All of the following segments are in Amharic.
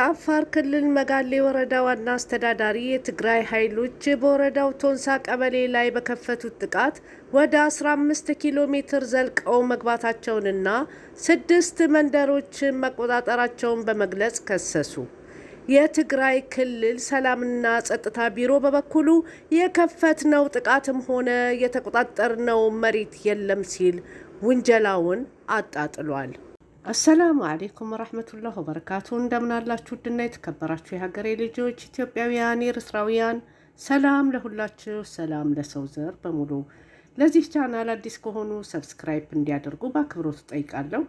የአፋር ክልል መጋሌ ወረዳ ዋና አስተዳዳሪ የትግራይ ኃይሎች በወረዳው ቶንሳ ቀበሌ ላይ በከፈቱት ጥቃት ወደ 15 ኪሎ ሜትር ዘልቀው መግባታቸውንና ስድስት መንደሮችን መቆጣጠራቸውን በመግለጽ ከሰሱ። የትግራይ ክልል ሰላምና ጸጥታ ቢሮ በበኩሉ የከፈትነው ጥቃትም ሆነ የተቆጣጠርነው መሬት የለም ሲል ውንጀላውን አጣጥሏል። አሰላሙ አሌይኩም ረህመቱላህ ወበረካቱ። እንደምናላችሁ ውድና የተከበራችሁ የሀገሬ ልጆች ኢትዮጵያውያን፣ ኤርትራውያን፣ ሰላም ለሁላችሁ፣ ሰላም ለሰው ዘር በሙሉ። ለዚህ ቻናል አዲስ ከሆኑ ሰብስክራይብ እንዲያደርጉ በአክብሮት ጠይቃለሁ።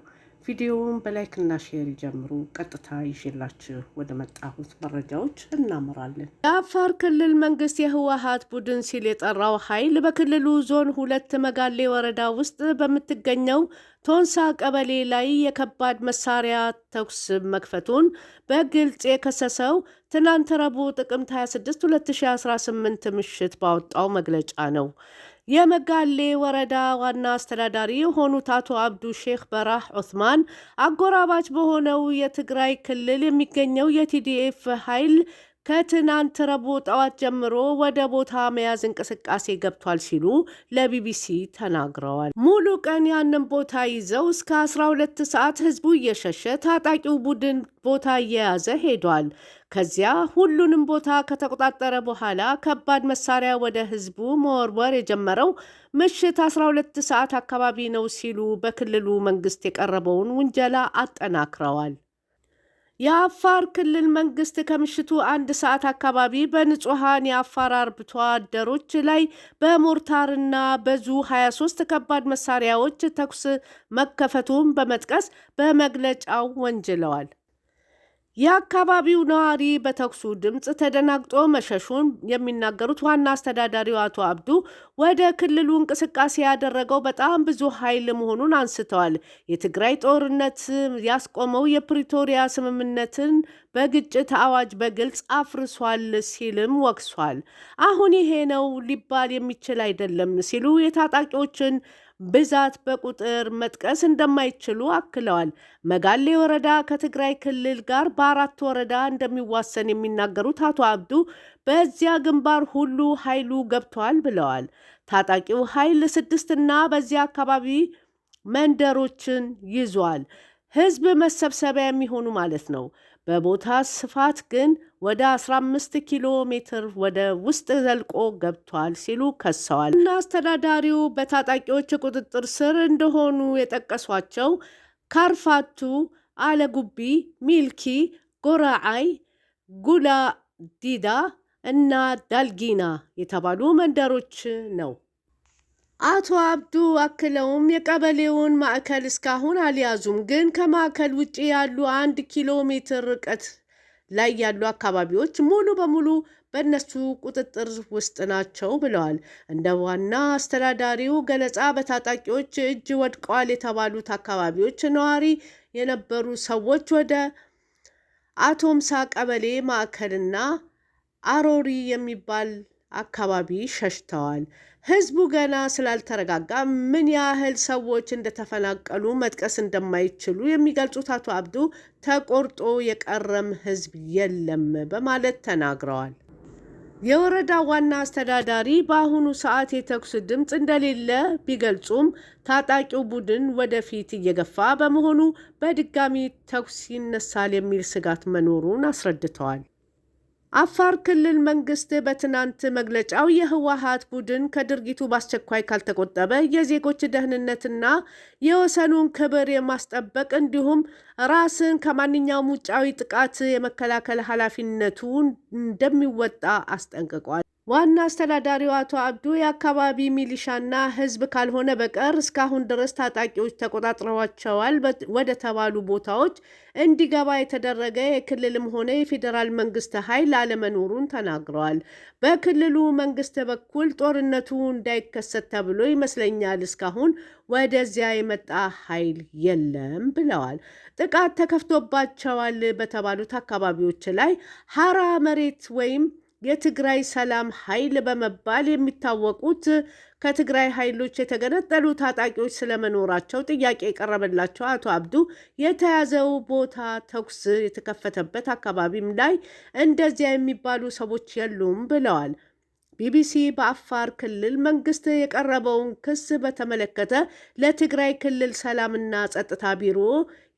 ቪዲዮውን በላይክና ሼር ይጀምሩ። ቀጥታ ይሽላችሁ ወደ መጣሁት መረጃዎች እናምራለን። የአፋር ክልል መንግስት የህወሀት ቡድን ሲል የጠራው ኃይል በክልሉ ዞን ሁለት መጋሌ ወረዳ ውስጥ በምትገኘው ቶንሳ ቀበሌ ላይ የከባድ መሳሪያ ተኩስ መክፈቱን በግልጽ የከሰሰው ትናንት ረቡዕ ጥቅምት 26 2018 ምሽት ባወጣው መግለጫ ነው። የመጋሌ ወረዳ ዋና አስተዳዳሪ የሆኑት አቶ አብዱ ሼክ በራህ ዑስማን አጎራባች በሆነው የትግራይ ክልል የሚገኘው የቲዲኤፍ ኃይል ከትናንት ረቡዕ ጠዋት ጀምሮ ወደ ቦታ መያዝ እንቅስቃሴ ገብቷል ሲሉ ለቢቢሲ ተናግረዋል። ሙሉ ቀን ያንን ቦታ ይዘው እስከ 12 ሰዓት ህዝቡ እየሸሸ ታጣቂው ቡድን ቦታ እየያዘ ሄዷል። ከዚያ ሁሉንም ቦታ ከተቆጣጠረ በኋላ ከባድ መሳሪያ ወደ ህዝቡ መወርወር የጀመረው ምሽት 12 ሰዓት አካባቢ ነው ሲሉ በክልሉ መንግስት የቀረበውን ውንጀላ አጠናክረዋል። የአፋር ክልል መንግስት ከምሽቱ አንድ ሰዓት አካባቢ በንጹሐን የአፋር አርብቶ አደሮች ላይ በሞርታርና በዙ 23 ከባድ መሳሪያዎች ተኩስ መከፈቱን በመጥቀስ በመግለጫው ወንጅለዋል። የአካባቢው ነዋሪ በተኩሱ ድምፅ ተደናግጦ መሸሹን የሚናገሩት ዋና አስተዳዳሪው አቶ አብዱ ወደ ክልሉ እንቅስቃሴ ያደረገው በጣም ብዙ ኃይል መሆኑን አንስተዋል። የትግራይ ጦርነት ያስቆመው የፕሪቶሪያ ስምምነትን በግጭት አዋጅ በግልጽ አፍርሷል ሲልም ወቅሷል። አሁን ይሄ ነው ሊባል የሚችል አይደለም ሲሉ የታጣቂዎችን ብዛት በቁጥር መጥቀስ እንደማይችሉ አክለዋል። መጋሌ ወረዳ ከትግራይ ክልል ጋር በአራት ወረዳ እንደሚዋሰን የሚናገሩት አቶ አብዱ በዚያ ግንባር ሁሉ ኃይሉ ገብቷል ብለዋል። ታጣቂው ኃይል ስድስትና በዚያ አካባቢ መንደሮችን ይዟል። ህዝብ መሰብሰቢያ የሚሆኑ ማለት ነው። በቦታ ስፋት ግን ወደ 15 ኪሎ ሜትር ወደ ውስጥ ዘልቆ ገብቷል ሲሉ ከሰዋል። እና አስተዳዳሪው በታጣቂዎች ቁጥጥር ስር እንደሆኑ የጠቀሷቸው ካርፋቱ፣ አለጉቢ፣ ሚልኪ፣ ጎራአይ፣ ጉላ ዲዳ እና ዳልጊና የተባሉ መንደሮች ነው። አቶ አብዱ አክለውም የቀበሌውን ማዕከል እስካሁን አልያዙም፣ ግን ከማዕከል ውጭ ያሉ አንድ ኪሎ ሜትር ርቀት ላይ ያሉ አካባቢዎች ሙሉ በሙሉ በእነሱ ቁጥጥር ውስጥ ናቸው ብለዋል። እንደ ዋና አስተዳዳሪው ገለጻ በታጣቂዎች እጅ ወድቀዋል የተባሉት አካባቢዎች ነዋሪ የነበሩ ሰዎች ወደ አቶምሳ ቀበሌ ማዕከልና አሮሪ የሚባል አካባቢ ሸሽተዋል። ህዝቡ ገና ስላልተረጋጋ ምን ያህል ሰዎች እንደተፈናቀሉ መጥቀስ እንደማይችሉ የሚገልጹት አቶ አብዱ ተቆርጦ የቀረም ህዝብ የለም በማለት ተናግረዋል። የወረዳ ዋና አስተዳዳሪ በአሁኑ ሰዓት የተኩስ ድምፅ እንደሌለ ቢገልጹም ታጣቂው ቡድን ወደፊት እየገፋ በመሆኑ በድጋሚ ተኩስ ይነሳል የሚል ስጋት መኖሩን አስረድተዋል። አፋር ክልል መንግስት በትናንት መግለጫው የህወሀት ቡድን ከድርጊቱ በአስቸኳይ ካልተቆጠበ የዜጎች ደህንነትና የወሰኑን ክብር የማስጠበቅ እንዲሁም ራስን ከማንኛውም ውጫዊ ጥቃት የመከላከል ኃላፊነቱ እንደሚወጣ አስጠንቅቋል። ዋና አስተዳዳሪው አቶ አብዱ የአካባቢ ሚሊሻና ህዝብ ካልሆነ በቀር እስካሁን ድረስ ታጣቂዎች ተቆጣጥረዋቸዋል ወደ ተባሉ ቦታዎች እንዲገባ የተደረገ የክልልም ሆነ የፌዴራል መንግስት ኃይል አለመኖሩን ተናግረዋል። በክልሉ መንግስት በኩል ጦርነቱ እንዳይከሰት ተብሎ ይመስለኛል እስካሁን ወደዚያ የመጣ ኃይል የለም ብለዋል። ጥቃት ተከፍቶባቸዋል በተባሉት አካባቢዎች ላይ ሀራ መሬት ወይም የትግራይ ሰላም ኃይል በመባል የሚታወቁት ከትግራይ ኃይሎች የተገነጠሉ ታጣቂዎች ስለመኖራቸው ጥያቄ የቀረበላቸው አቶ አብዱ የተያዘው ቦታ ተኩስ የተከፈተበት አካባቢም ላይ እንደዚያ የሚባሉ ሰዎች የሉም ብለዋል። ቢቢሲ በአፋር ክልል መንግስት የቀረበውን ክስ በተመለከተ ለትግራይ ክልል ሰላምና ጸጥታ ቢሮ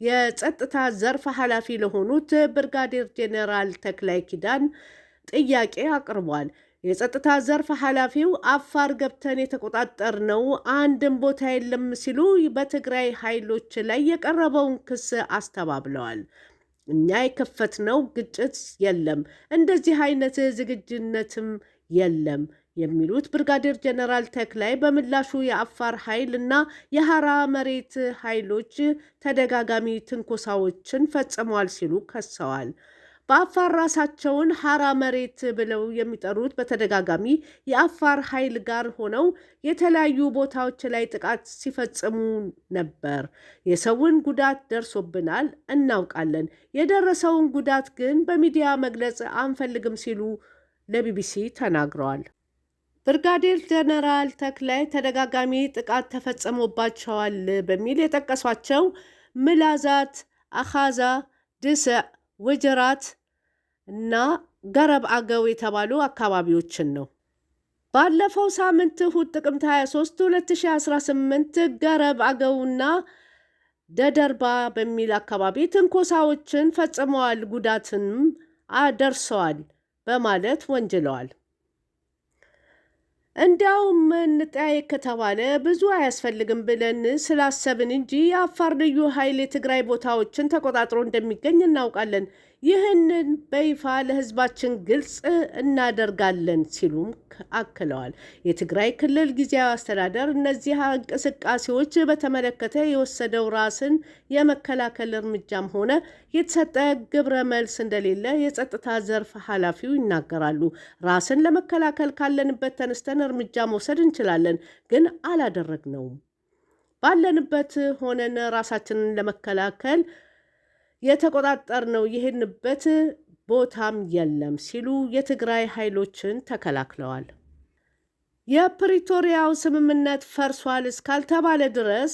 የጸጥታ ዘርፍ ኃላፊ ለሆኑት ብርጋዴር ጄኔራል ተክላይ ኪዳን ጥያቄ አቅርቧል። የጸጥታ ዘርፍ ኃላፊው አፋር ገብተን የተቆጣጠርነው አንድም ቦታ የለም ሲሉ በትግራይ ኃይሎች ላይ የቀረበውን ክስ አስተባብለዋል። እኛ የከፈትነው ግጭት የለም፣ እንደዚህ አይነት ዝግጅነትም የለም የሚሉት ብርጋዴር ጀነራል ተክላይ በምላሹ የአፋር ኃይል እና የሐራ መሬት ኃይሎች ተደጋጋሚ ትንኮሳዎችን ፈጽመዋል ሲሉ ከሰዋል። በአፋር ራሳቸውን ሀራ መሬት ብለው የሚጠሩት በተደጋጋሚ የአፋር ኃይል ጋር ሆነው የተለያዩ ቦታዎች ላይ ጥቃት ሲፈጽሙ ነበር። የሰውን ጉዳት ደርሶብናል፣ እናውቃለን። የደረሰውን ጉዳት ግን በሚዲያ መግለጽ አንፈልግም ሲሉ ለቢቢሲ ተናግረዋል። ብርጋዴር ጀነራል ተክላይ ተደጋጋሚ ጥቃት ተፈጽሞባቸዋል በሚል የጠቀሷቸው ምላዛት፣ አኻዛ፣ ድስዕ ውጅራት እና ገረብ አገው የተባሉ አካባቢዎችን ነው። ባለፈው ሳምንት እሁድ ጥቅምት 23 2018 ገረብ አገውና ደደርባ በሚል አካባቢ ትንኮሳዎችን ፈጽመዋል፣ ጉዳትንም አደርሰዋል በማለት ወንጅለዋል። እንዲያውም እንጠያየቅ ከተባለ ብዙ አያስፈልግም ብለን ስላሰብን እንጂ የአፋር ልዩ ኃይል የትግራይ ቦታዎችን ተቆጣጥሮ እንደሚገኝ እናውቃለን። ይህንን በይፋ ለህዝባችን ግልጽ እናደርጋለን ሲሉም አክለዋል። የትግራይ ክልል ጊዜያዊ አስተዳደር እነዚህ እንቅስቃሴዎች በተመለከተ የወሰደው ራስን የመከላከል እርምጃም ሆነ የተሰጠ ግብረ መልስ እንደሌለ የጸጥታ ዘርፍ ኃላፊው ይናገራሉ። ራስን ለመከላከል ካለንበት ተነስተን እርምጃ መውሰድ እንችላለን፣ ግን አላደረግነውም። ባለንበት ሆነን ራሳችንን ለመከላከል የተቆጣጠርነው የሄድንበት ቦታም የለም ሲሉ የትግራይ ኃይሎችን ተከላክለዋል። የፕሪቶሪያው ስምምነት ፈርሷል እስካልተባለ ድረስ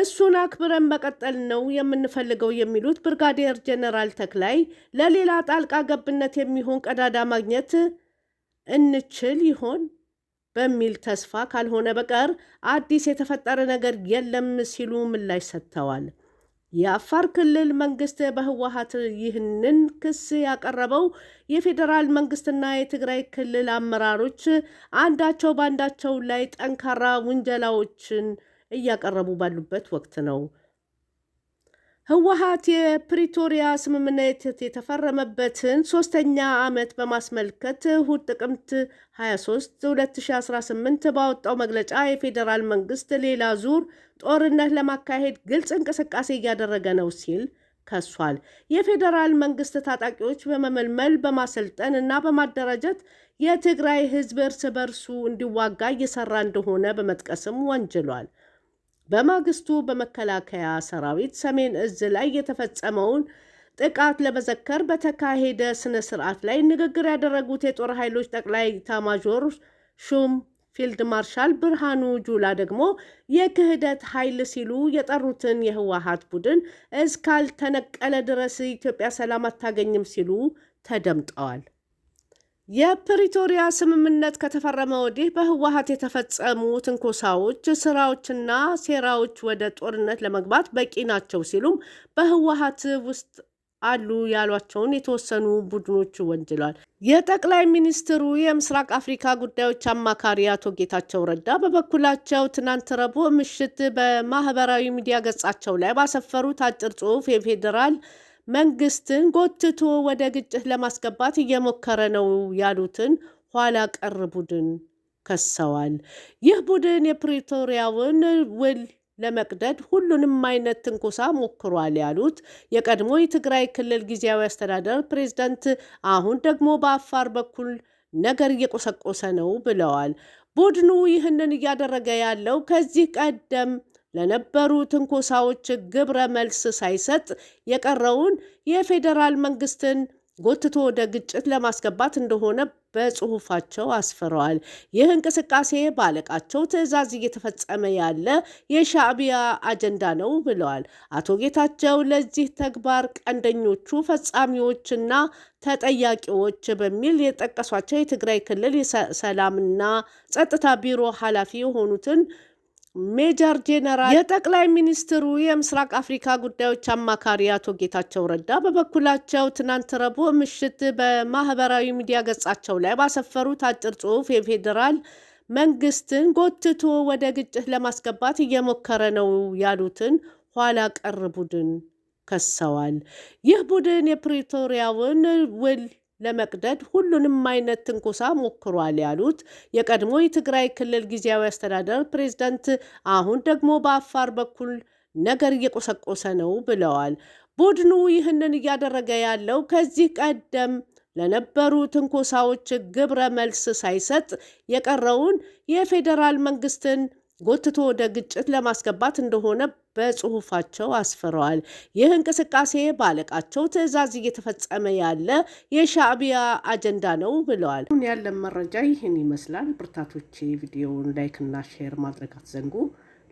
እሱን አክብረን መቀጠል ነው የምንፈልገው የሚሉት ብርጋዴር ጀነራል ተክላይ ለሌላ ጣልቃ ገብነት የሚሆን ቀዳዳ ማግኘት እንችል ይሆን በሚል ተስፋ ካልሆነ በቀር አዲስ የተፈጠረ ነገር የለም ሲሉ ምላሽ ሰጥተዋል። የአፋር ክልል መንግስት በህወሀት ይህንን ክስ ያቀረበው የፌዴራል መንግስትና የትግራይ ክልል አመራሮች አንዳቸው በአንዳቸው ላይ ጠንካራ ውንጀላዎችን እያቀረቡ ባሉበት ወቅት ነው። ህወሀት የፕሪቶሪያ ስምምነት የተፈረመበትን ሶስተኛ ዓመት በማስመልከት እሁድ ጥቅምት 23 2018 ባወጣው መግለጫ የፌዴራል መንግስት ሌላ ዙር ጦርነት ለማካሄድ ግልጽ እንቅስቃሴ እያደረገ ነው ሲል ከሷል። የፌዴራል መንግስት ታጣቂዎች በመመልመል በማሰልጠን እና በማደራጀት የትግራይ ህዝብ እርስ በርሱ እንዲዋጋ እየሰራ እንደሆነ በመጥቀስም ወንጅሏል። በማግስቱ በመከላከያ ሰራዊት ሰሜን እዝ ላይ የተፈጸመውን ጥቃት ለመዘከር በተካሄደ ስነ ስርዓት ላይ ንግግር ያደረጉት የጦር ኃይሎች ጠቅላይ ኤታማዦር ሹም ፊልድ ማርሻል ብርሃኑ ጁላ ደግሞ የክህደት ኃይል ሲሉ የጠሩትን የህወሓት ቡድን እስካልተነቀለ ድረስ ኢትዮጵያ ሰላም አታገኝም ሲሉ ተደምጠዋል። የፕሪቶሪያ ስምምነት ከተፈረመ ወዲህ በህወሀት የተፈጸሙ ትንኮሳዎች፣ ስራዎችና ሴራዎች ወደ ጦርነት ለመግባት በቂ ናቸው ሲሉም በህወሀት ውስጥ አሉ ያሏቸውን የተወሰኑ ቡድኖች ወንጅሏል። የጠቅላይ ሚኒስትሩ የምስራቅ አፍሪካ ጉዳዮች አማካሪ አቶ ጌታቸው ረዳ በበኩላቸው ትናንት ረቡዕ ምሽት በማህበራዊ ሚዲያ ገጻቸው ላይ ባሰፈሩት አጭር ጽሑፍ የፌዴራል መንግስትን ጎትቶ ወደ ግጭት ለማስገባት እየሞከረ ነው ያሉትን ኋላ ቀር ቡድን ከሰዋል። ይህ ቡድን የፕሪቶሪያውን ውል ለመቅደድ ሁሉንም አይነት ትንኮሳ ሞክሯል ያሉት የቀድሞ የትግራይ ክልል ጊዜያዊ አስተዳደር ፕሬዝዳንት፣ አሁን ደግሞ በአፋር በኩል ነገር እየቆሰቆሰ ነው ብለዋል። ቡድኑ ይህንን እያደረገ ያለው ከዚህ ቀደም ለነበሩ ትንኮሳዎች ግብረ መልስ ሳይሰጥ የቀረውን የፌዴራል መንግስትን ጎትቶ ወደ ግጭት ለማስገባት እንደሆነ በጽሁፋቸው አስፍረዋል። ይህ እንቅስቃሴ በአለቃቸው ትዕዛዝ እየተፈጸመ ያለ የሻዕቢያ አጀንዳ ነው ብለዋል። አቶ ጌታቸው ለዚህ ተግባር ቀንደኞቹ ፈጻሚዎችና ተጠያቂዎች በሚል የጠቀሷቸው የትግራይ ክልል ሰላምና ጸጥታ ቢሮ ኃላፊ የሆኑትን ሜጀር ጄኔራል የጠቅላይ ሚኒስትሩ የምስራቅ አፍሪካ ጉዳዮች አማካሪ አቶ ጌታቸው ረዳ በበኩላቸው ትናንት ረቡዕ ምሽት በማህበራዊ ሚዲያ ገጻቸው ላይ ባሰፈሩት አጭር ጽሑፍ የፌዴራል መንግስትን ጎትቶ ወደ ግጭት ለማስገባት እየሞከረ ነው ያሉትን ኋላ ቀር ቡድን ከሰዋል። ይህ ቡድን የፕሪቶሪያውን ውል ለመቅደድ ሁሉንም አይነት ትንኮሳ ሞክሯል ያሉት የቀድሞ የትግራይ ክልል ጊዜያዊ አስተዳደር ፕሬዝዳንት አሁን ደግሞ በአፋር በኩል ነገር እየቆሰቆሰ ነው ብለዋል። ቡድኑ ይህንን እያደረገ ያለው ከዚህ ቀደም ለነበሩ ትንኮሳዎች ግብረ መልስ ሳይሰጥ የቀረውን የፌዴራል መንግስትን ጎትቶ ወደ ግጭት ለማስገባት እንደሆነ በጽሁፋቸው አስፍረዋል። ይህ እንቅስቃሴ ባለቃቸው ትዕዛዝ እየተፈጸመ ያለ የሻዕቢያ አጀንዳ ነው ብለዋል። አሁን ያለን መረጃ ይህን ይመስላል። ብርታቶቼ ቪዲዮውን ላይክና ሼር ማድረግ አትዘንጉ።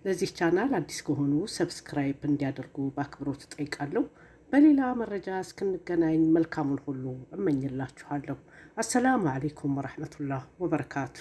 ለዚህ ቻናል አዲስ ከሆኑ ሰብስክራይብ እንዲያደርጉ በአክብሮት እጠይቃለሁ። በሌላ መረጃ እስክንገናኝ መልካሙን ሁሉ እመኝላችኋለሁ። አሰላሙ አሌይኩም ወረሕመቱላህ ወበረካቱ።